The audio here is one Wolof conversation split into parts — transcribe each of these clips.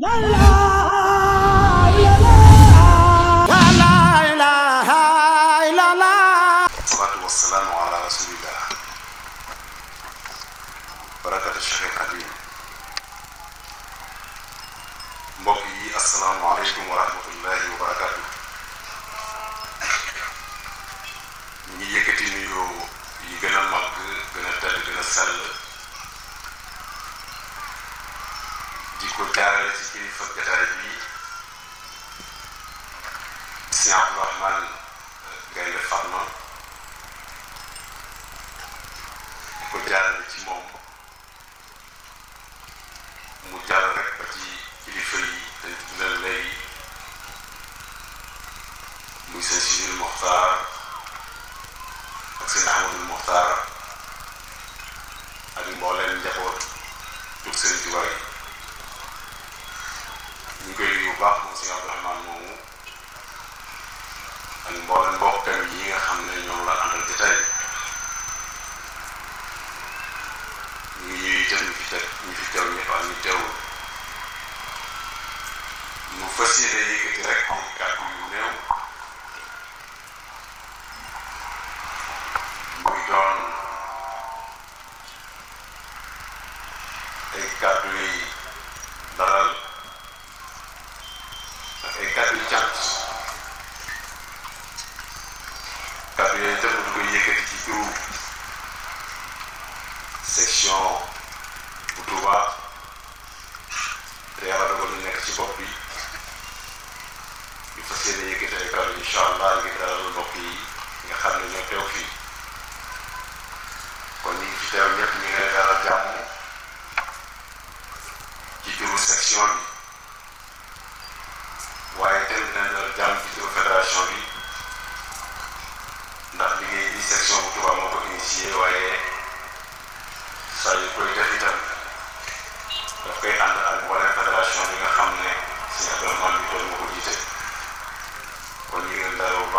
La la! teew ñëpp ak ñu teewul mu fas yéene yëkkati rek xam kàddu yu néew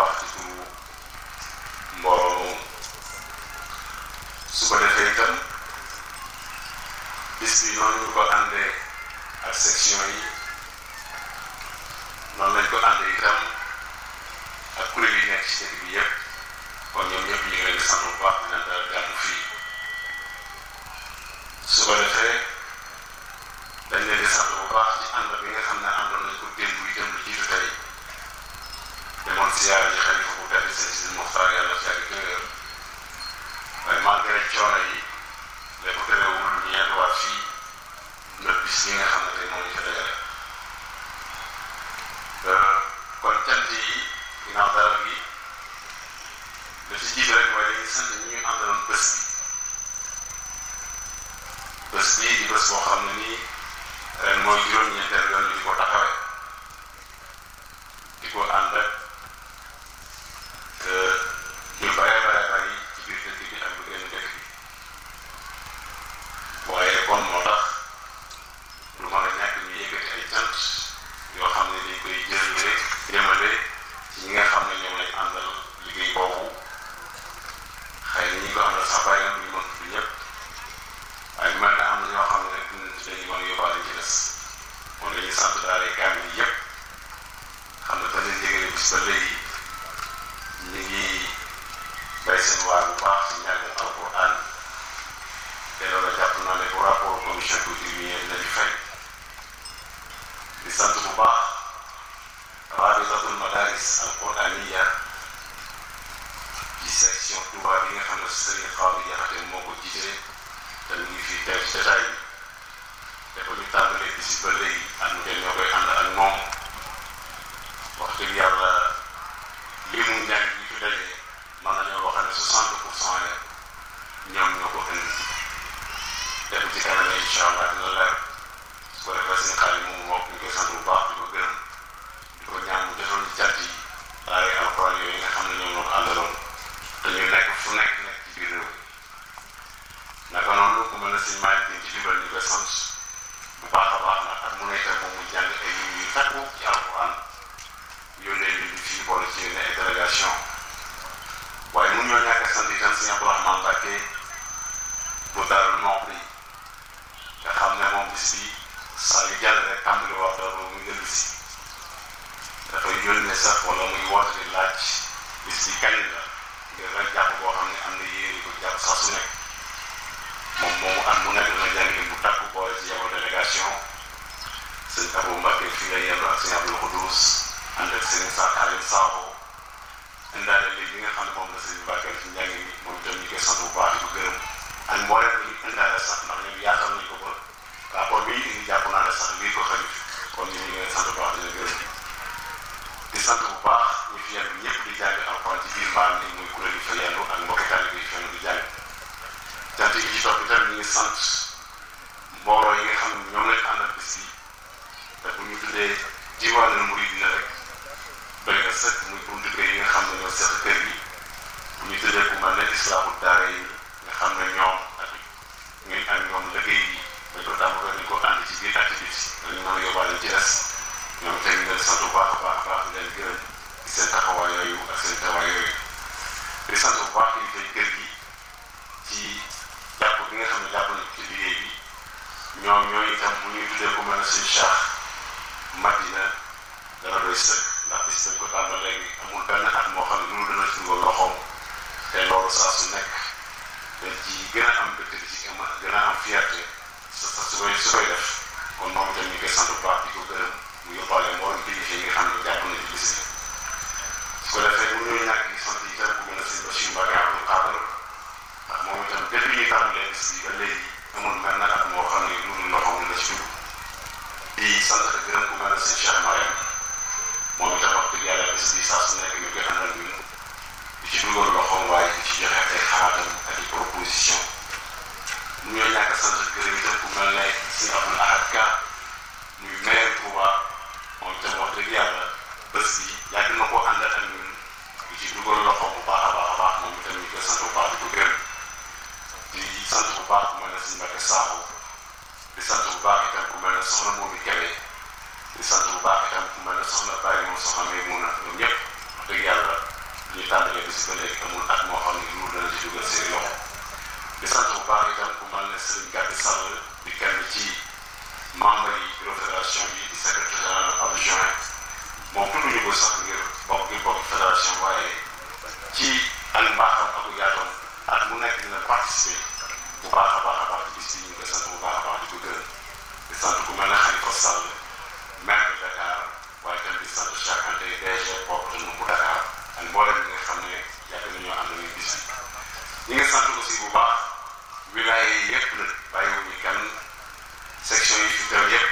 baax ci suñu mbooloo moomu su ko bi noonu ko àndee ak section yi noonu ko àndee itam ak kuréel yi nekk ci dëkk bi yëpp kon ñoom ñëpp ñu ngi leen di sant bu baax dina dal gànn fii su ko defee dañ leen di sant bu baax ci ànd bi nga xam ne ziyaare ji xalifa bu tedd sëñ Sidi Moxtaar yàlla fi yàgg téwéer waaye malgré coono yi lépp terewul ñu yenduwaat fii ndax bis yi nga xam ci wàllal murid na rek doy na sëkk muy buntu kër yi nga xam ne ñoo seq kër yi bu ñu tëddee ku mel ne islaamu daara yi nga xam ne ñoom ak ñun ak ñoom liggéey yi dañ ko tàmm dañ ko ànd ci biir activité dañu mën a yóbbaale ci des ñoom tey ñu leen sant bu baax a baax a baax leen gërëm ci seen taxawaay yooyu ak seen taxawaay yooyu di sant bu baax yi tey kër gi ci jàpp bi nga xam ne jàpp nañ ci liggéey bi ñoom ñooy itam bu ñuy tuddee ku mel ne suñu chaax mat na dana doy sëkk ndax bis nañ ko tàmbal léegi amul benn at moo xam ne loolu dana tugal loxoom te loolu saa su nekk dañ ci gën a am dëkk ci gën a gën a am fierté sa sa su koy su koy def kon moom itam ñu koy sant bu baax di ko gërëm mu yóbbaale mboolem kilifa yi nga xam ne jàpp na ci bis bi su ko defee bu ñuy ñàkk di sant itam ku gën a sëñ Bachir Mbacké Abdou Khadr ndax moom itam depuis ñu tàmbalee bis bi ba léegi amul benn at moo xam ne loolu loxoom la ci dugg di sant ak gërëm ku mel ne sëñ Cheikh Mariam moom itam wax dëgg yàlla bis bi saa su nekk ñu koy àndal ñun di ci dugal loxoom waaye di ci joxe ay xalaatam ak i proposition ñu ñoo ñàkk sant ak gërëm itam ku mel ne sëñ Abdoul Ahad Ka muy maire Touba moom itam wax dëgg yàlla bés bi yàgg na ko àndal ak ñun di ci dugal loxoom bu baax a baax a baax moom itam ñu koy sant bu baax di ko gërëm di sant bu baax ku mel ne sëñ Mbacke Sakho la soxna moomu Jalle di sant bu baax itam ku mel ne soxna Baye moom soxna May mun a ñoom ñëpp wax dëgg yàlla ñu tàmbalee bis ba léegi amul at moo xam ne loolu dana ci dugal seen loxo di sant bu baax itam ku mel ne Serigne Gàddi Sall di kenn ci membre yi bureau fédération bi di secrétaire général adjoint moom tudduñu ko sax ngir bokk ngir bokk fédération waaye ci ak mbaaxam ak yaatoom at mu nekk dina participer bu baax a baax a baax ci bis bi ñu ngi koy sant bu baax a baax di ko gërëm. di sant ku mel ne Khalifa Sall maire de Dakar waaye tam di sant Cheikh Anta DG bopp nu bu Dakar ak mboolem ñi nga xam ne yàgg nañoo ànd nañu bis yi ñi ngi sant aussi bu baax wilaya yi yëpp nag bàyyiwuñu kenn section yi fi teew yëpp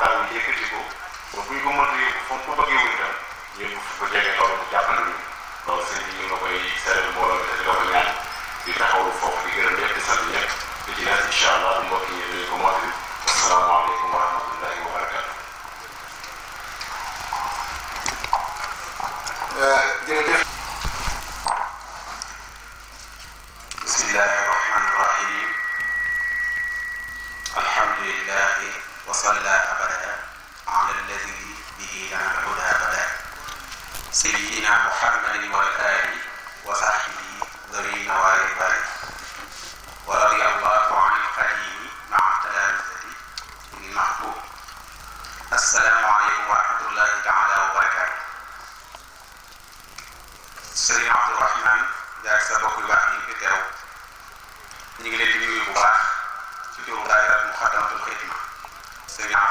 taal bi yëkkati ko ba buñ ko mënta yóbbu fa mu ko bëggee wuñ tam yóbbu fu ko jege loolu bu jàpp na ni loolu sëñ bi ñu nga koy seetal mbooloo bi te doo ko ñaan di taxawlu foofu di gërëm ñëpp di sant ñëpp di ci des incha allah mbokk yi ñu ko mottali asalaamaaleykum wa rahmatullahi wa barakatu jërëjëf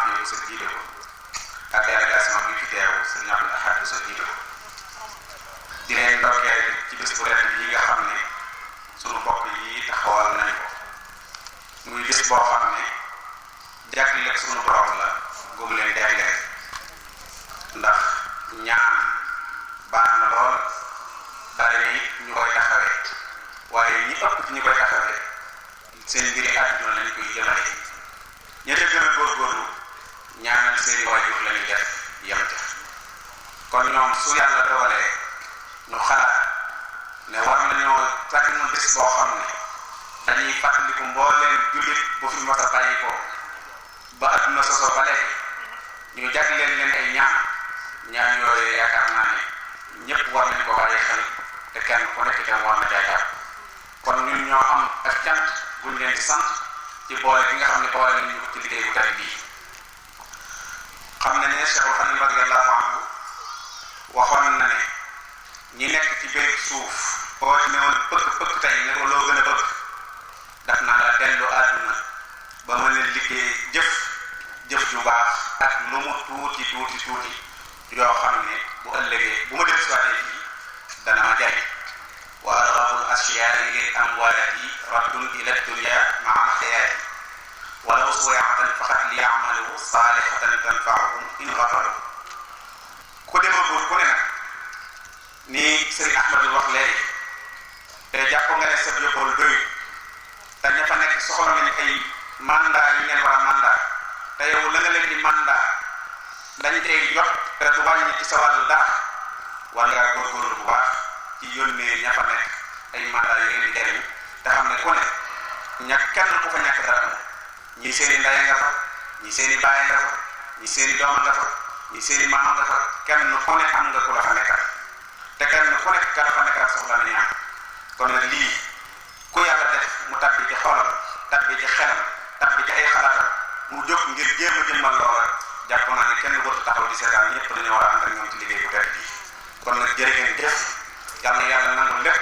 Deus é vivo. A terra é uma vida de Deus, e não a terra é vivo. Direi que é que bis bu rek yi nga xam ne sunu bopp yi taxawal nañ ko muy bis boo xam ne jagleel sunu borom la gum leen jagleel ndax ñaan baax na lool bare ñaanal seeni waajur la ñu def yam ca kon ñoom su yàlla doolee ñu xalaat ne war nañoo tàgg mu bés boo xam ne dañuy fàttaliku mbooleem jullit bu fi mas a ko ba adduna soso ba ñu jagleel leen ay ñaan ñaan yooyu yaakaar naa ne ñëpp war nañ ko bàyyi xel te kenn ku nekk itam war na jaakaar kon ñun ñoo am ak cant buñ leen di sant ci boole bi nga xam ne boole nañ ñu ko ci liggéey bu tari bii xam nañ ne Cheikh Xadim radiyallahu anhu waxoon na ne ñi nekk ci benn suuf boo ci ne woon pëkk pëkk tey ne ko loo gën a bëgg daf naa la delloo àdduna ba mën a liggéey jëf jëf ju baax ak lu mu tuuti tuuti tuuti yoo xam ne bu ëllëgee bu ma dem dana ma jaay wa arabul ila dunya maa walaw suyaatan faqat li yaamalu saalihatan tanfaahum in gafaru ku demagul ku ne nag ni Serigne Ahmadou wax léegi te jàpp nga ne sa yóbbalu doyul te ña fa nekk soxla nañ ay mandat yu ngeen war a mandat te yow la nga leen di mandat dañ tey jot te du wàññi ci sa wàllu dara war ngaa góorgóorlu bu baax ci yónnee ña fa nekk ay mandat yu ngeen di jariñ ku ne ña kenn ku fa ñàkk dara ñi seen i ndey fa ñi seeni i baay nga fa ñi seen i doom nga fa ñi seen i fa kenn ku ne am nga ku la fa nekkal te kenn ku nekk ka la fa nekkal soxla na ñaan kon nag lii ku yàlla def mu tabbi ci xolam tabbi ci xelam tabbi ci ay xalaatam mu jóg a jëmmal loola jàpp naa ne kenn warut taxaw di seetaan ñëpp dañoo war a ànd ak ñoom ci liggéey bu tedd bi kon nag jërë ngeen jëf yàlla na yàlla lépp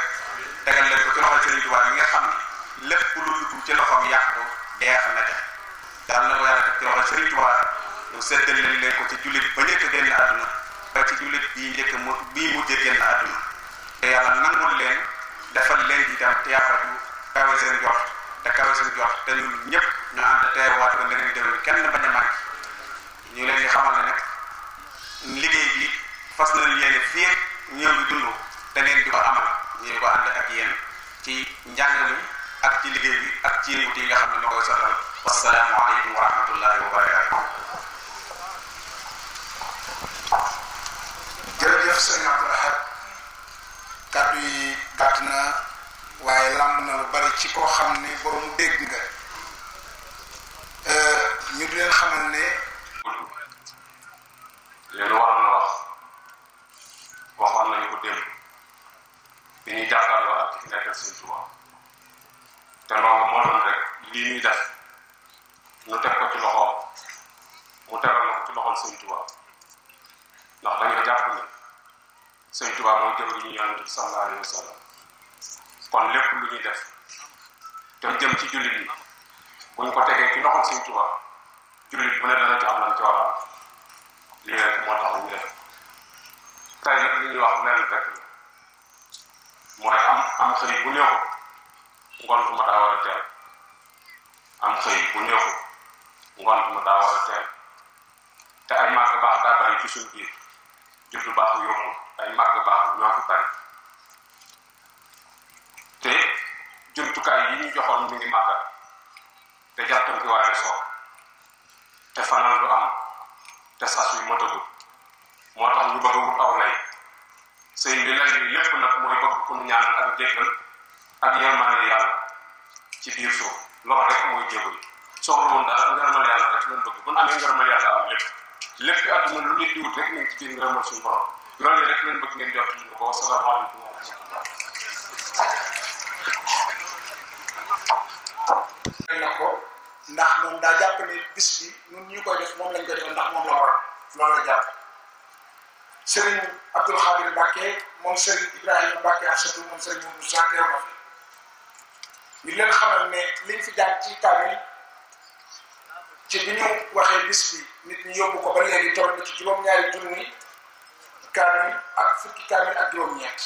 tegal leen ko ci loxo Sëriñ Tuubaa mi xam ne lépp lu dugg ci loxoom yàq ko deex na def daal na ko yàlla def ci loxo Sëriñ Tuubaa mu seddal leen leen ko ci jullit ba njëkk génn àdduna mu bii mujj génn àdduna te yàlla nangul leen defal leen itam tiyaafa ju kawe seen jox te kawe seen jox te ñun ñëpp ñu ànd teewaat ba leneen déwén kenn bañ a ñu leen di xamal ne nag liggéey bi fas nañu yéene fii ñëw bi dund te leen di ko amal ñu ko ànd ak yéen ci njàng mi ak ci liggéey bi ak ci yëngut yi nga xam ne moo koy soxal wasalaamualeykum wa rahmatullahi wa barakaatu. jërëjëf kàddu yi gàtt na waaye làmb na lu bari ci koo xam ne borom dégg nga euh, ñu di xamal ne. leen waroon na wax waxoon nañu ko démb te loolu moo doon rek lii ñuy def ñu teg ko ci loxoom mu tegal ko ci loxoom Sëñ Tuubaa ndax dañoo jàpp ni Sëñ Tuubaa mooy jëm li ñu yonent bi sallallahu alayhi wa sallam kon lépp lu ñuy def te jëm ci jullit yi buñ ko tegee ci loxoom Sëñ Tuubaa jullit bu ne dana ci am lan ci war a am lii rek moo tax ñu def tey nag li ñuy wax lenn rek mooy am am xëy bu ñëw ko. ngont ma daa war a teel am xëy bu neexu ngont ma daa a teel te ay màgg baax daa bari ci suñ biir juddu baaxu yomb ay màgg baaxu ñoo fi bari te jumtukaay yi ñu joxoon mu ngi màggal te jàttam ki waaye soo te fanaan du am te sas yu motagul moo tax ñu bëgg a wut aw lay lay lépp nag mooy bëgg ku ñu ñaanal ak jéggal ak yërmande yàlla ci biir suuf loolu rek mooy jégalu soxla woon daal ngërëmal yàlla rek lañ bëgg bu ñu amee ngërëmal yàlla am lépp lépp fi àdduna lu nit di wut rek nañ ci biir ngërëmal suñu borom loolu rek lañ bëgg ngeen jot ñu ko wasalaamaaleykum wa rahmatullah. na ko ndax moom daa jàpp ne bis bi ñun ñu koy def moom lañ koy def ndax moom la war loolu la jàpp Serigne Abdoul Khadir Mbacke moom Serigne Ibrahima Mbacke ak surtout moom Serigne Moussa Kéré di leen xamal ne liñ fi jàng ci kaamil ci bi ñu waxee bis bi nit ñu yóbbu ko ba léegi toll na ci juróom-ñaari junni kaamil ak fukki kaamil ak juróom-ñeent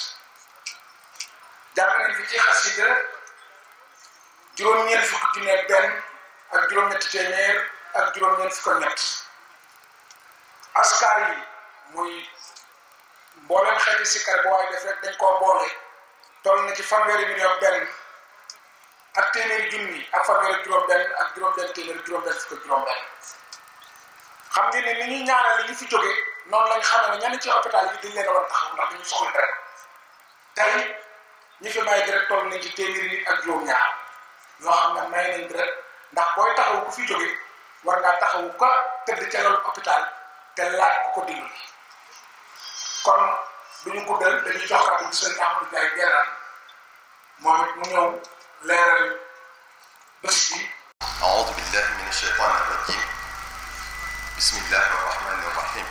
jàng nañ fi ci xasida juróom-ñeent fukk junni ak benn ak juróom-ñetti téeméer ak juróom-ñeent fukk ak ñett askar yi muy mboolem xeeti sikkar bu waaye def rek dañ koo boole toll na ci fanweeri million benn ak téeméeri junni ak fanweer ak juróom-benn ak juróom-benn téeméeri juróom-benn fukk ak juróom-benn xam nga ne ni ñuy ñaanal li ñu fi jógee noonu lañ xam ne ñenn ci hôpital yi dañ leen a war a taxaw ndax dañu soxla deret tey ñi fi may deret toll nañ ci ak juróom-ñaar yoo xam ne may nañ deret ndax booy taxaw ku fi jógee war ngaa taxawu ko tëdd ca loolu hôpital te laaj ko ko déglu kon du ñu guddal dañuy jox kàddu gi sëñ Amadou Ndiaye Guèye moom it mu ñëw. لا بس دي أعوذ بالله من الشيطان الرجيم بسم الله الرحمن الرحيم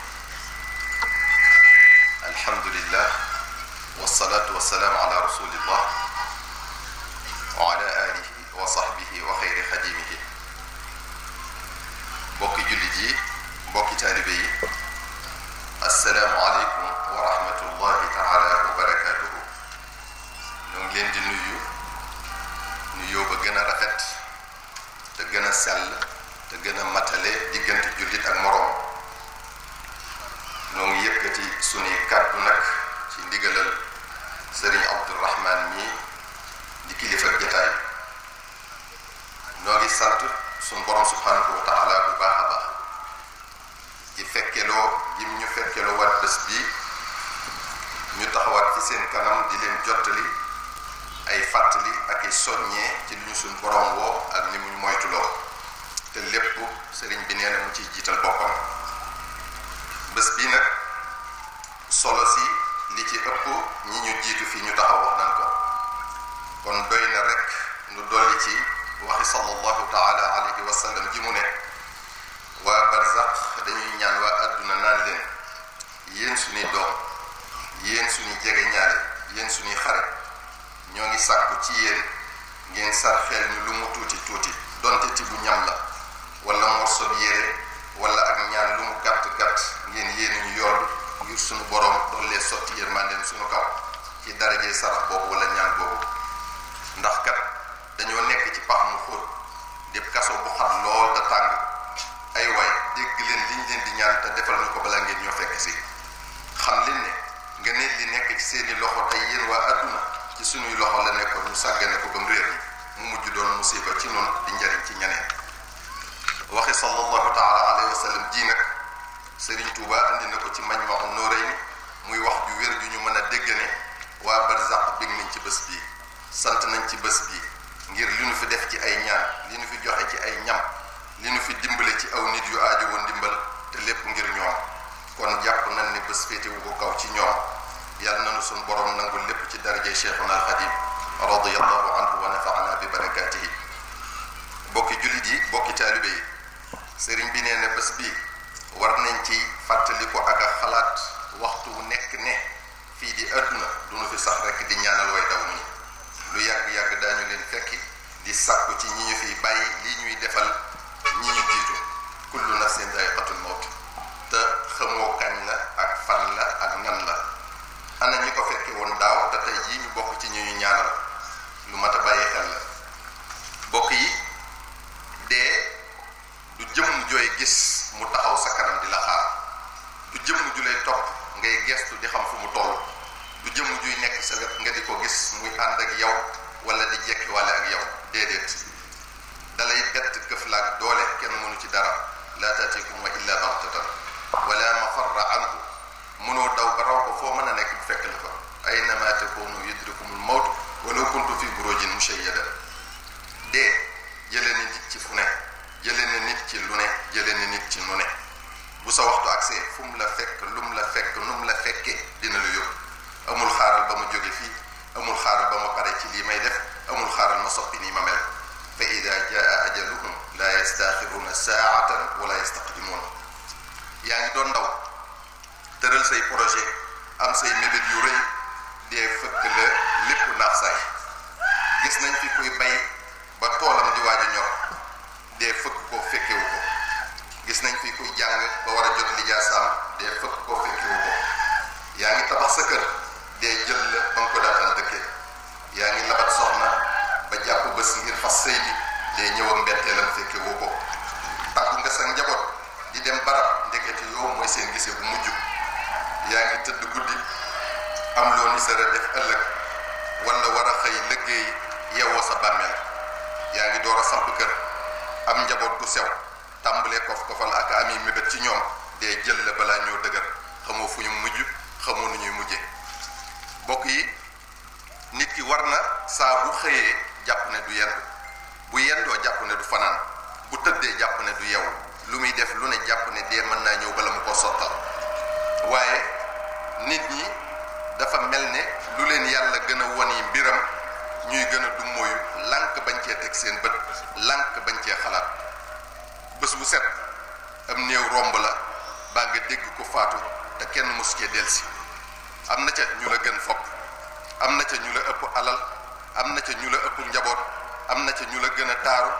الحمد لله والصلاة والسلام على رسول الله وعلى آله وصحبه وخير خديمه بوكي جلدي بوكي تالبي السلام عليكم ورحمة الله تعالى وبركاته نونجلين دي نيو ñu yóbba gën a rafet te gën a sell te gën a matale diggante jullit ak morom noo ngi yëkkati suñuy kàddu nag ci ndigalal sëriñ abdourahman mi di kilifa jataay noo ngi sant sun borom subhanahu wa taala bu baax a baax ci fekkeloo jim ñu fekkeloo waat bés bi ñu taxawaat ci seen kanam di leen jottali ay fàttali ak ay soññee ci li ñu suñ borom woo ak ni mu moytuloo te lépp sëriñ bi nee na mu ci jiital boppam bés bii nag solo si li ci ëpp ñi ñu jiitu fi ñu taxaw wax nan ko kon doy na rek nu dolli ci waxi sallallahu taala alayhi wa sallam ji mu ne waa barzaq dañuy ñaan waa àdduna naan leen yéen suñuy doom yéen suñuy jege ñaare yéen suñuy xarit ñoo ngi sàkku ci yéen ngeen sarxeel ñu lu mu tuuti tuuti donte ti bu ñam la wala morso bi yére wala ak ñaan lu mu gàtt gàtt ngeen yéen ñu yool ngir sunu borom doollee sotti yërmandeem sunu kaw ci darajee sarax boobu wala ñaan boobu ndax kat dañoo nekk ci pax mu xóot di kaso bu xat lool te tàng ay waay dégg leen liñ leen di ñaan te defal ñu ko balaa ngeen ñu fekk si xam leen ne nga ne li nekk ci seeni loxo tey yéen waa àdduna ci suñuy loxo la nekkoon ñu sàggane ko don mu réer mu mujj doon musiba ci noonu di njariñ ci ñeneen waxi sallallahu taala alayhi Wasallam ji nag sëriñ tuuba andi na ko ci mañ wax am noorey muy wax ju wér ju ñu mën a ne waa barzaq bég nañ ci bés bii sant nañ ci bés bii ngir li ñu fi def ci ay ñaan li ñu fi joxe ci ay ñam li ñu fi dimbale ci aw nit yu aaju woon dimbal te lépp ngir ñoom kon jàpp nañ ne bés wu ko kaw ci ñoom yalla nanu sun borom nangul lepp ci daraje cheikhuna khadim radiyallahu anhu wa nafa'ana bi barakatihi bokki julit yi bokki talibé yi serigne bi neena bes bi war nañ ci fatali ko ak xalaat waxtu nek ne fi di aduna duñu fi sax rek di ñaanal way daw ni lu di sakku ci ñi fi bayyi li defal ñi ñu jitu kullu nafsin dha'iqatul maut te xamoo kañ ak fan tey jii ñu bokk ci ñu ñu ñaanal lu mat a bàyyi xel la bokk yi dee du jëmm jooy gis mu taxaw sa kanam di la xaar du jëmm ju lay topp ngay gestu di xam fu mu toll du jëmm juy nekk sa wet nga di ko gis muy ànd ak yow wala di jekki wala ak yow déedéet dalay bett këf laak doole kenn mënu ci dara la tatikum wa illa baxtatan wala mafarra anhu mënoo daw ba raw ko foo mën a nekk bu fekk la ko أينما تكونوا يدركم الموت ولو كنت في بروج مشيدة دي جلني نيت تي فونه جلني نيت تي لونه جلني نيت تي نونه بو سا وقتو اكسي فوم لا فك لوم لا فك نوم لا فك دينا لو يوب امول خارال باما جوغي في امول خارال باما باري تي لي ماي ديف امول خارال ما صوبيني ما مل فاذا جاء اجلهم لا يستاخرون ساعه ولا يستقدمون يعني دون داو تيرل ساي بروجي ام ساي ميديت يو ري dee fëkk la lépp naax saay gis nañ fi kuy bay ba toolam di waaju ñor dee fëkk ko fekkewu ko gis nañ fi kuy jàng ba war a jot lijaasaam dee fëkk ko fekkewu ko yaa ngi tabax sa kër dee jël la ba nga ko daataan dëkkee yaa ngi labat soxna ba jàpp bés ngir fas sëy bi dee ñëw ak mbetteelam fekkewu ko nga sa njaboot di dem barab ndekete yow mooy seen gisee bu mujj yaa ngi tëdd guddi am loo ni sara def ëllëg wala war a xëy liggéey yeewoo sa bàmmeel yaa ngi door a samp kër am njaboot gu sew tàmbalee kof kofal ak ami mébét ci ñoom dee jël la balaa ñoo dëgër xamoo fu ñu mujj xamoo nu ñuy mujje mbokk yi nit ki war na saa bu xëyee jàpp ne du yendu bu yendoo jàpp ne du fanaan bu tëddee jàpp ne du yeewu lu muy def lu ne jàpp ne dee mën naa ñëw bala mu ko sottal waaye nit ñi dafa mel ne lu leen yàlla gën a won yi mbiram ñuy gën a du mooyu lànk bañ cee teg seen bët lànk bañ cee xalaat bés bu set am néew romb la baa nga dégg ko faatu te kenn mos cee delsi am na ca ñu la gën fopp am na ca ñu la ëpp alal am na ca ñu la ëpp njaboot am na ca ñu la gën a taaru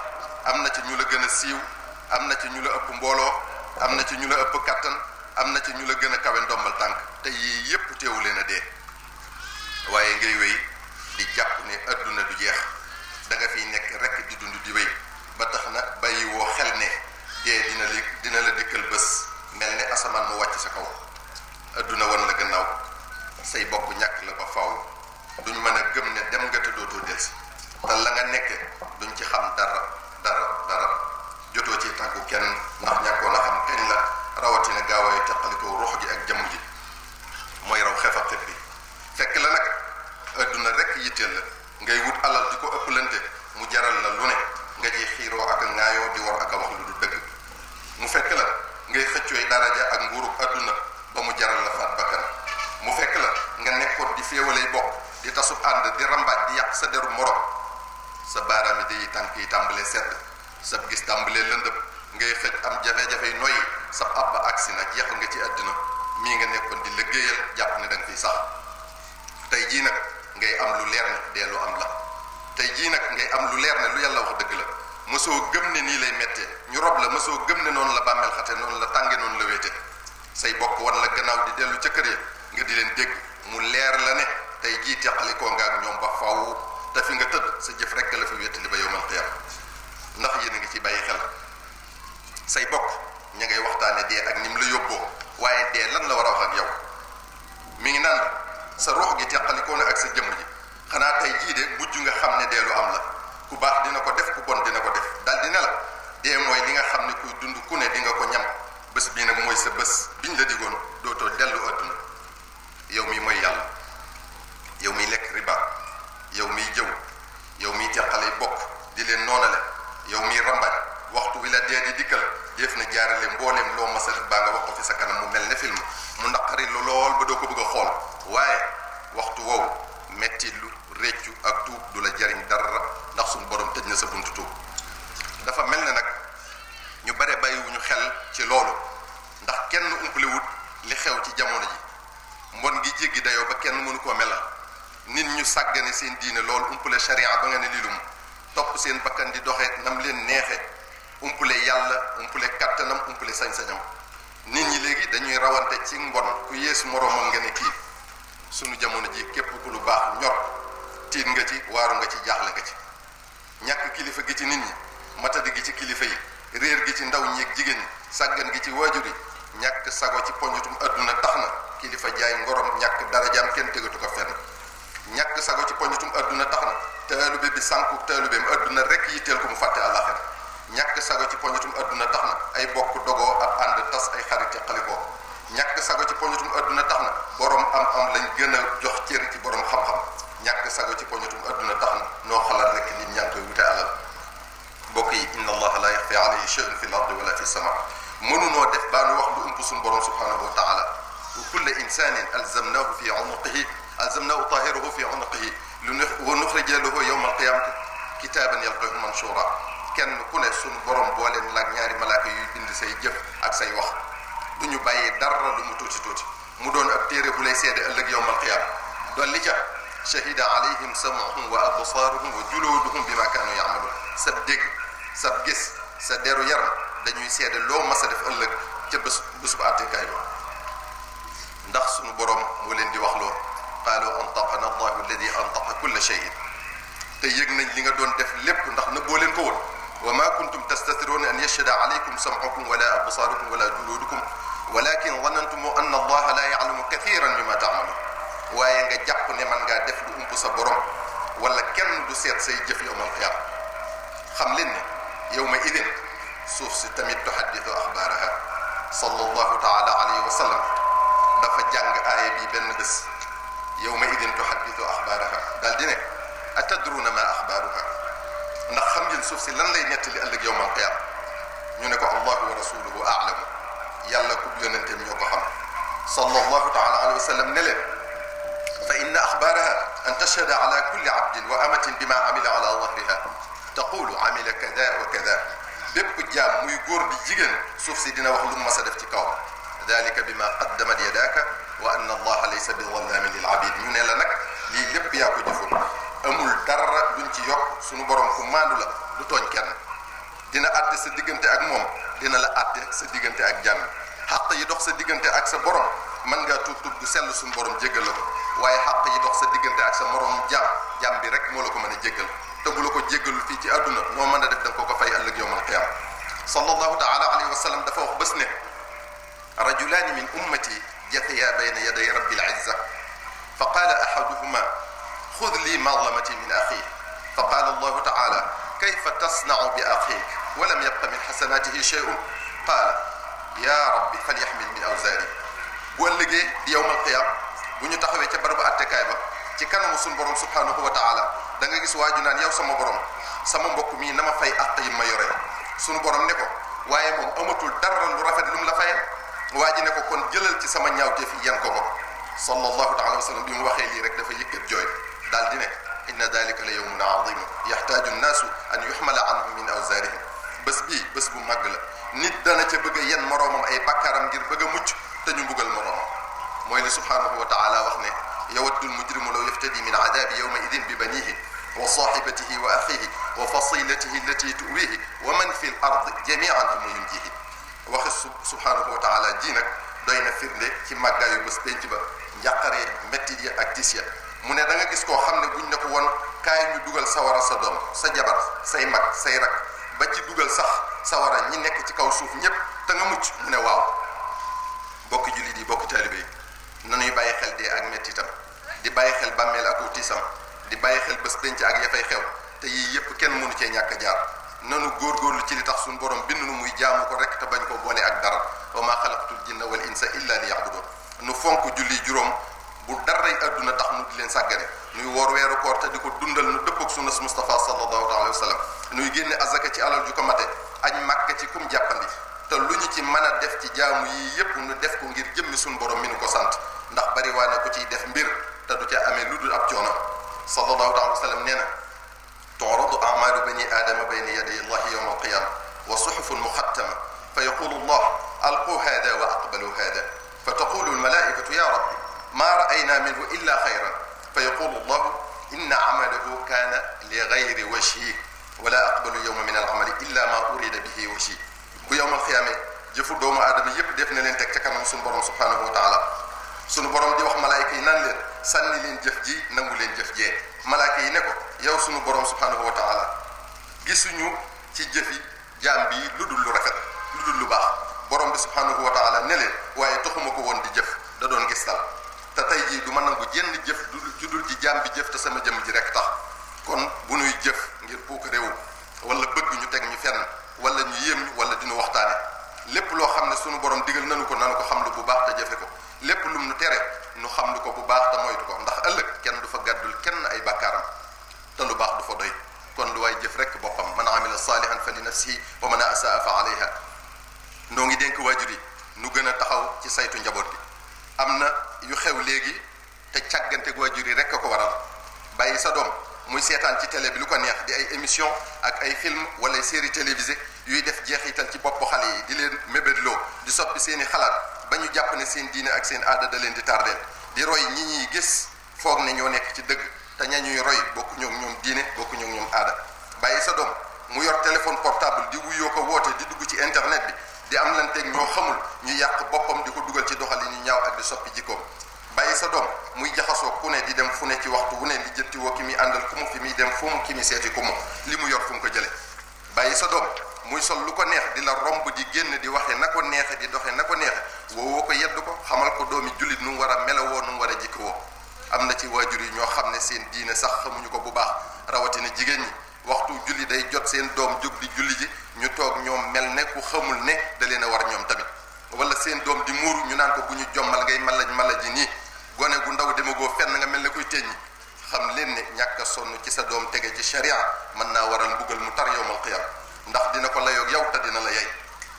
am na ca ñu la gën a siiw am na ca ñu la ëpp mbooloo am na ca ñu la ëpp kattan am na ci ñu la gën a kawe ndombal tànk te yii yépp teewu leen a dee waaye ngay wéy di jàpp ne adduna du jeex danga nga fiy nekk rekk di dund di wéy ba tax na bàyyi woo xel ne dee dina la dikkal bés mel ne asamaan mu wàcc sa kaw adduna woon la gannaaw say bokk ñàkk la ba faaw duñ mën a gëm ne dem nga te dootoo si te la nga nekk duñ ci xam dara dara dara jotoo ci tàggu kenn ndax ñàkkoon a xam kañ la rawatina gaawa yi teqalikoo ruux ji ak jam ji mooy raw xefa xib bi fekk la nag adduna rek yitteel la ngay wut alal di ko mu jaral la lu ne nga ji xiiroo ak ngaayoo di war ak a wax lu du dëgg mu fekk la ngay xëccooy daraja ak nguurub adduna ba mu jaral la faat bakkan mu fekk la nga nekkoon di féewalay bokk di tasu ànd di rambaaj di yàq sa deru morom sa baaraami day tànk yi tàmbalee sedd sab gis tàmbalee lëndëm ngay xëj am jafe-jafe noyyi sa abba aksi nag jeex nga ci aduna mi nga nekkon di liggéeyal japp ne dang fi sax tay ji nak ngay am lu leer de lu am la tay ji nak ngay am lu ya leer ne lu yalla wax deug la mosoo gëm ne ni lay mettee ñu rob la mosoo gëm ne non la bàmmeel xate non la tànge non la wéete say bokk won la gannaaw di delu ci kër ya nga di len deg mu leer la ne ji taxali ko nga ak ñom ba faaw ta fi nga teud sa jëf rek la fi li ba yow xiyam ndax yéen nga ci bayyi xel say bokk ñu ngay waxtaane dee ak ni mu la yóbboo waaye dee lan la war a wax ak yow mi ngi nan sa ruux gi teqalikoo na ak sa jëmm ji xanaa tey jii de mujj nga xam ne dee lu am la ku baax dina ko def ku bon dina ko def dal di ne la dee mooy li nga xam ne kuy dund ku ne di nga ko ñam bés bii nag mooy sa bés biñ la digoon dootoo dellu adduna yow mi mooy yàlla yow miy lekk riba yow miy jëw yow mi teqalay bokk di leen noonale yow miy rambañ waxtu wi la dee di dikkal def na jaarale mboolem loo masa ba nga wax ko fi sa kanam mu mel ne film mu naqari lu lol ba do ko bëgg xol waye aktu waxtu wow metti lu reccu ak tu du la jariñ dara ndax sun borom tejna sa buntu tu dafa mel nak ñu bare bàyyiwuñu xel ci lolu ndax kenn wut li xew ci jamono ji mbon gi jéggi dayo ba kenn mënu ko melal nit ñu saggane seen diine lool umpale sharia ba nga ne lilum top seen bakkan di doxé nam leen neexe umpule yàlla umpule kattanam umpule sañ nit ñi léegi dañuy rawante ci mbon ku yées moroomam nga ne kii sunu jamono ji képp ku lu baax ñor tiit nga ci waaru nga ci jaaxle nga ci ñàkk kilifa gi ci nit ñi matadi gi ci kilifa yi réer gi ci ndaw ñi jigéen ñi sàggan gi ci waajur yi ñàkk sago ci poñutum àdduna tax na kilifa jaay ngorom ñàkk dara darajaam kenn tegatu ko fenn ñàkk sago ci poñutum àdduna tax na taalube bi sànku taalubeem adduna rek yitteel ko mu fàtte àllaaxira ñàkk sago ci poñatum adduna tax na ay bokk dogoo ab ànd tas ay xarit teqalikoo ñàkk sago ci poñatum adduna tax na borom am-am lañ gën a jox cër ci borom xam-xam ñàkk sago ci poñatum adduna tax na noo xalaat rek nit ñaa ngi koy wute alal mbokk yi inna allaha la yaxfi alayhi shay'un fi ardi wala fi sama mënunoo def baa wax lu ump suñ borom subhanahu wa taala wa kulla insanin alzamnahu fi unuqihi alzamnahu tahirahu fi unuqihi lu nuxrija lahu yawma kitaban yalqahu manshura kenn ku ne sunu borom boo leen laaj ñaari malaaka yuy bind say jëf ak say wax du ñu bàyyee dara lu mu tuuti tuuti mu doon ab téere bu lay seede ëllëg yowmal qiyaam dolli ca shahida alayhim samuhum wa absaaruhum wa julooduhum bima kaanu yaamaluun sa dégg sa gis sa deru yaram dañuy seede loo mas a def ëllëg ca bés bés bu àttekaay ba ndax sunu borom moo leen di wax loo qaalu antaqana allahu alladi antaqa kulla shay'in te yëg nañ li nga doon def lépp ndax nëbboo leen ko woon وما كنتم تستترون أن يشهد عليكم سمعكم ولا أبصاركم ولا جلودكم ولكن ظننتم أن الله لا يعلم كثيرا مما تعملون وين جاب من قاعد دفل أم بصبرهم ولا كم دوسيت في يوم القيامة خملني يومئذ سوف ستمت تحدث أخبارها صلى الله تعالى عليه وسلم دفع جنگ آية بي بن بس يومئذ تحدث أخبارها دال دينك أتدرون ما أخبارها ndax xam ngeen suuf si lan lay nettali ëllëg yowmal qiyaam ñu ne ko allahu wa rasuluhu aalamu yàlla ku yonenteem ñoo ko xam sallallahu taala alayhi wa sallam ne leen fa inna axbaaraha an tashhada ala kulli abdin wa amatin bima amila ala dahriha taqulu amila kada wa kada bépp jaam muy góor di jigéen suuf si dina wax lu mas a def ci kawam ذلك بما قدمت يداك وان الله ليس بظلام للعبيد ñu ne la nak li lepp ya ko jëful amul dara duñ ci yokk suñu borom ku maandu la du tooñ kenn dina àtte sa diggante ak moom dina la àtte sa diggante ak jàmm xàq yi dox sa diggante ak sa borom mën ngaa tuub tuub du sell suñu borom jéggal la ko waaye xàq yi dox sa diggante ak sa moroom jàmm jàmm bi rek moo la ko mën a jéggal te bu la ko jéggalul fii ci àdduna noo mën a def da ko ko fay ëllëg yowmal qiyaam sallallahu taala alayhi wa sallam dafa wax bés ne rajulaani min ummati jafiya bayna yaday rabbil izza fa qala ahaduhuma xud li madlamati min فقال الله تعالى كيف تصنع بأخيك ولم يبق من حسناته شيء قال يا رب فليحمل من أوزاري واللقي إيه؟ يوم القيامة بني إيه؟ تحوي تبرب أتكايبا تكن مسلم برم سبحانه وتعالى دعني سوا جنان يوم سما برم سما بكمي نما في أتي ما يرى سن برم نكو waaye moom amatul dara lu rafet lu mu la fayal waa ji ne ko kon jëlal ci sama ñaaw fi yan sallallahu taala wa sallam bi mu waxee rek dafa yëkkat jooy daal di إن ذلك ليوم عظيم يحتاج الناس أن يحمل عنهم من أوزارهم بس بي بس بمقل ندنا تبقى ين مرام أي بكرم غير بقى مج تنبقى المرام مويل سبحانه وتعالى وحنا يود المجرم لو يفتدي من عذاب يومئذ ببنيه وصاحبته وأخيه وفصيلته التي تؤويه ومن في الأرض جميعا ثم ينجيه وخص سبحانه وتعالى جينك دينك دين فرنة كما قالوا بس دينك يقري متدي أكتسيا mu ne danga gis koo xam ne guñ ne ko woon kaay ñu dugal sawara sa doom sa jabar say mag say rak ba ci dugal sax sawara ñi nekk ci kaw suuf ñépp te nga mucc mu ne waaw bokki jullit yi bokki taalibe yi nanuy bàyyi xel dee ak mettitam di bàyyi xel bàmmeel ak utiisam di bàyyi xel bés denc ak ya fay xew te yii yépp kenn mënu cee ñàkk jaar nanu góor góorgóorlu ci li tax suñu borom bind nu muy jaamu ko rek te bañ koo bone ak dara wa maa xalaqtul jinna wal insa illa li ya'budun nu fonk julli juróom bu daray aduna tax nu di leen sàggane nuy woor weeru koor te di ko dundal nu dëpp ak sunnas mustapha sallallahu alayhi wa sallam nuy génne azaka ci alal ju ko mate añ màkk ci kum jàppandi te lu ñu ci mën a def ci jaamu yi yépp nu def ko ngir jëmmi sun borom mi nu ko sant ndax bari waa na ku ciy def mbir te du ca amee lu dul ab coono sallallahu alayhi wa sallam nee na تعرض أعمال بني آدم بين يدي الله يوم القيامة وصحف مختمة فيقول الله ألقوا هذا وأقبلوا هذا فتقول الملائكة يا ربي ما رأينا منه إلا خيرا فيقول الله إن عمله كان لغير وجهه ولا أقبل يوم من العمل إلا ما أريد به وجهه ويوم القيامة جفو دوم آدم يب دفن لين تكتك من سن سبحانه وتعالى سن دي وخ ملائكة نان لين سن لين جف جي نمو لين جف جي ملائكة ينكو يو سن سبحانه وتعالى جسنو تي جفي جامبي لدل رفت لدل باخ برم سبحانه وتعالى نلين واي تخمكو وان دي جف دادون جستال te tey jii du ma nangu jenn jëf ju dul ci jaam bi jëf te sama jëm ji rek tax kon bu nuy jëf ngir puuk réew wala bëgg ñu teg ñu fenn wala ñu yéem ñu wala dinu waxtaane lépp loo xam ne sunu borom digal nanu ko nanu ko xam lu bu baax te jafe ko lépp lum nu tere nu xam lu ko bu baax te moytu ko ndax ëllëg kenn du fa gàddul kenn ay bàkkaaram te lu baax du fa doy kon lu waay jëf rek boppam man amila saalihan fa li nafsihi wa man asaa fa alayha noo ngi dénk waajur yi nu gën a taxaw ci saytu njaboot bi am na yu xew léegi te càggante waajur yi rek a ko waral bàyyi sa doom muy seetaan ci télé bi lu ko neex di ay émission ak ay film wala série télévisée yuy def jeexital ci bopp xale yi di leen mébétloo di soppi seeni xalaat ba ñu jàpp ne seen diine ak seen aada da leen di tardeel di roy ñi ñuy gis foog ne ñoo nekk ci dëgg te ñuy roy bokku ñoom ñoom diine bokku ñoom ñoom aada bàyyi sa doom mu yor téléphone portable di wuyoo ko woote di dugg ci internet bi di am lanteeg ñoo xamul ñu yàq boppam di ko dugal ci doxalin yu ñaaw ak di soppi jikkoom bàyyi sa doom muy jaxasoo ku ne di dem fu ne ci waxtu wu ne li jënti woo ki muy àndal ku mu fi muy dem fu mu ki muy seeti ku mu li mu yor fu mu ko jële bàyyi sa doom muy sol lu ko neex di la romb di génn di waxe na ko neexe di doxe na ko neexe woowoo ko yedd ko xamal ko doomi jullit nu mu war a melowoo nu mu war a jikko woo am na ci waajur yi ñoo xam ne seen diine sax xamuñu ko bu baax rawatina jigéen ñi waxtu julli day jot seen doom jóg di julli ji ñu toog ñoom mel ne ku xamul ne da leen a war ñoom tamit wala seen doom di muuru ñu naan ko bu ñu jommal ngay malaj malaj ji nii gone gu ndaw demagoo fenn nga mel ne kuy teññi xam leen ne ñàkk a sonn ci sa doom tege ci sharia mën naa waral mbugal mu tar yowmal qiyam ndax dina ko layoog yow te dina la yey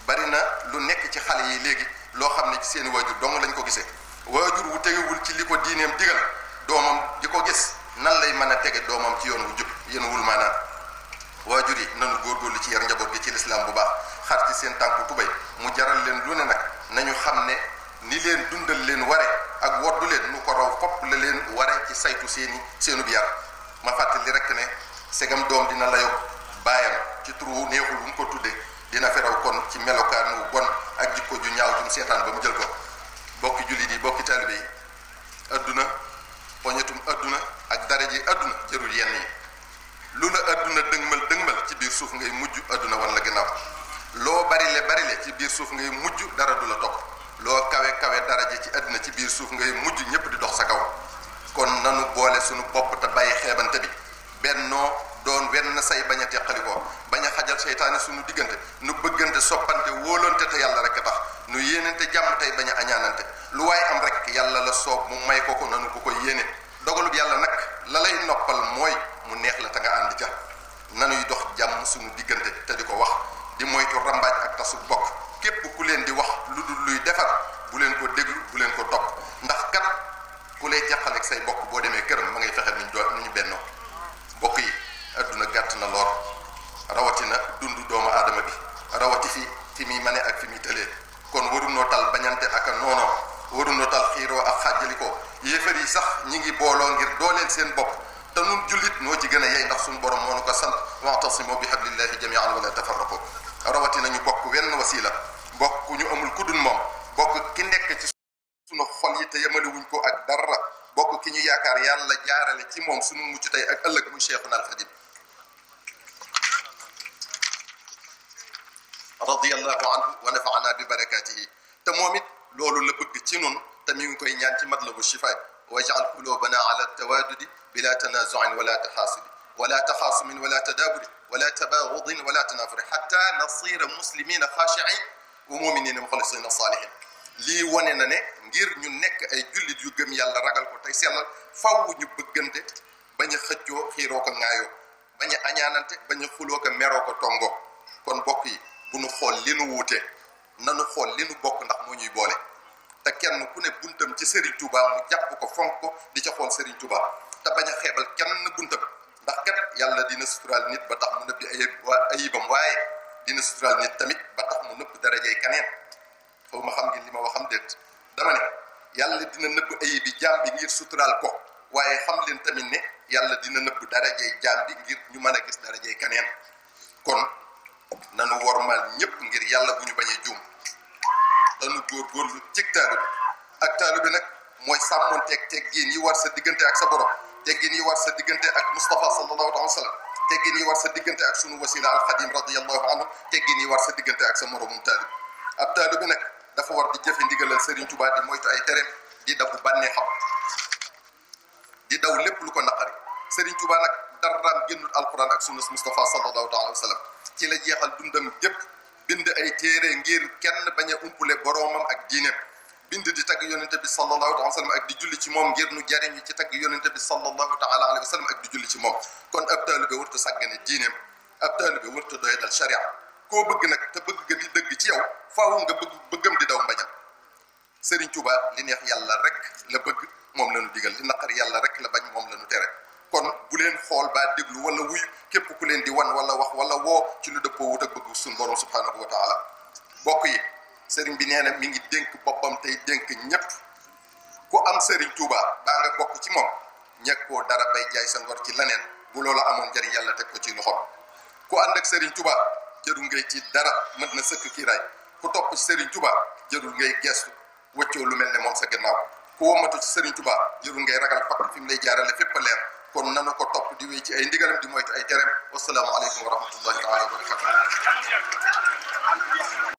bari na lu nekk ci xale yi léegi loo xam ne ci seen waajur dong lañ ko gisee waajur wu tegewul ci li ko diineem digal doomam di ko gis nan lay mën a tege doomam ci yoon wu jub yéen wul waajur yi nanu góorgóorlu ci yar njaboot gi ci lislaam bu baax xar ci seen tànku tubay mu jaral leen lu ne nag nañu xam ne ni leen dundal leen ware ak woddu leen nu ko raw fopp la leen ware ci saytu seeni seenub yar ma fàttali rek ne segam doom dina layoog baayam ci turu neexul bu mu ko tuddee dina feraw kon ci melokaan wu bon ak jikko ju ñaaw jum seetaan ba mu jël ko bokki jullit yi bokki taalibe yi adduna poñetum àdduna ak daraje àdduna jërul yenn yi lu la àdduna dëngmal dëngmal ci biir suuf ngay mujj àdduna wan la ginnaaw loo barile barile ci biir suuf ngay mujj dara du la topp loo kawe kawe dara ji ci àdduna ci biir suuf ngay mujj ñépp di dox sa kaw kon nanu boole suñu bopp te bàyyi xeebante bi bennoo doon wenn say bañ a teqalikoo bañ a xajal seytaane suñu diggante nu bëggante soppante wóolante te yàlla rek a tax nu yéenante jàmm tey bañ a añaanante lu waaye am rek yàlla la soob mu may ko ko nanu ko ko yéene yàlla nag la lay mooy mu neex la ta nga ànd ja nanuy dox jàmm suñu diggante te di ko wax di moytu rambaaj ak tasu bokk képp ku leen di wax lu dul luy defar bu leen ko déglu bu leen ko topp ndax kat ku lay jàqal ak say bokk boo demee këram ma ngay fexe nuñ ñu benno bokk yi aduna gàtt na rawati na dundu doomu aadama bi rawati fi fi muy mane ak fi muy tëlee kon warunoo tal bañante ak noono warunoo tal xiiroo ak xàjjalikoo yéefar yi sax ñi ngi booloo ngir dooleel seen bopp te nun jullit moo ci gën a yey ndax suñu borom moo nu ko sant wa'tasimu bi hablillahi jami'an wala tafarraqu rawati nañu bokk wenn wasila bokk ñu amul ku dul moom bokk ki nekk ci sunu xol yi te yemale wuñ ko ak dara bokk ki ñu yaakaar yàlla jaarale ci moom sunu mucc tey ak ëllëg muy cheikhuna alxadim radiyallahu anhu wa nafa'ana bi barakatihi te moom it loolu la bëgg ci nun te mi ngi koy ñaan ci matlabu shifa waj'al qulubana ala tawadudi بلا تنازع ولا تحاسد ولا تخاصم ولا تدابر ولا تباغض ولا تنافر حتى نصير مسلمين خاشعين ومؤمنين مخلصين صالحين li woné na ne ngir ñu nekk ay jullit yu gëm yàlla ragal ko tay sellal faaw ñu bëggante baña a xiro ko ngaayo baña añaanante baña xulo ko mero ko tongo kon bokk yi bu nu xol li nu wuute nanu xol li nu bokk ndax mo ñuy boole ta kenn ku ne buntam ci Serigne Touba mu jàpp ko fonk ko di ci xol Serigne Touba te bañ a xeebal kenn bunta ba ndax kat yàlla dina suturaal nit ba tax mu nëbbi wa ayibam waaye dina suturaal nit tamit ba tax mu nëbb darajay kaneen xaw ma xam ngeen li ma waxam déet dama ne yàlla dina nëbb ayib bi jaam bi ngir suturaal ko waaye xam leen tamit ne yàlla dina nëbb darajay jaam ngir ñu mën gis darajay kaneen kon nanu wormal ñëpp ngir yalla bu ñu jum tanu gur gur góor góorlu cig taalu bi ak taalu bi nag mooy sàmmonteeg yi war sa diggante ak sa borom تيغي ني وارسا ديغنتي اك مصطفى صلى الله عليه وسلم تيغي ني وارسا ديغنتي اك سونو وسيلة القديم رضي الله عنه تيغي ني وارسا ديغنتي اك سمرو ممتاز اب طالب نك دا فا وار دي جيفي ديغال سيرين توبا دي مويتو اي تريم دي داب باني خاب دي داو ليب لو كو نخاري سيرين توبا نك دران جنول القران اك سونو مصطفى صلى الله عليه وسلم تي لا جيخال دوندم جيب بند اي تيري غير كين باغا امبولي بروومام اك دينم bind di tagg yonente bi sallallahu alayhi wa sallam ak di julli ci moom ngir nu jariñu ci tagg yonente bi sallallahu taala alayhi wa sallam ak di julli ci moom kon ab taalibe warta sàggane diineem ab taalibe warta doy dal sharia koo bëgg nag te bëgg nga di dëgg ci yow faaw nga bëgg bëggam di daw mbañam sëriñ tuba li neex yàlla rek la bëgg moom la nu digal li naqar yàlla rek la bañ moom la nu tere kon bu leen xool baa déglu wala wuyu képp ku leen di wan wala wax wala woo ci lu dëppoo wut ak bëgg sun borom subhanahu wa taala bokk yi sëriñ bi nee na mi ngi dénk boppam tey dénk ñépp ku am sëriñ Touba baa nga bokk ci moom ñekkoo dara bay jaay sa ngor ci leneen bu loolu amoon njariñ yàlla teg ko ci loxoom ku ànd ak sëriñ Touba jërul ngay ci dara mën na sëkk kiiraay ku topp ci sëriñ Touba jërul ngay gestu wëccoo lu mel ne moom sa gannaaw ku womatu ci sëriñ Touba jërul ngay ragal fakk fi mu lay jaarale fépp a leer kon nanu ko topp di wéy ci ay ndigalam di moytu ay tereem wasalaamu aleykum wa rahmatullahi taala wa barakatu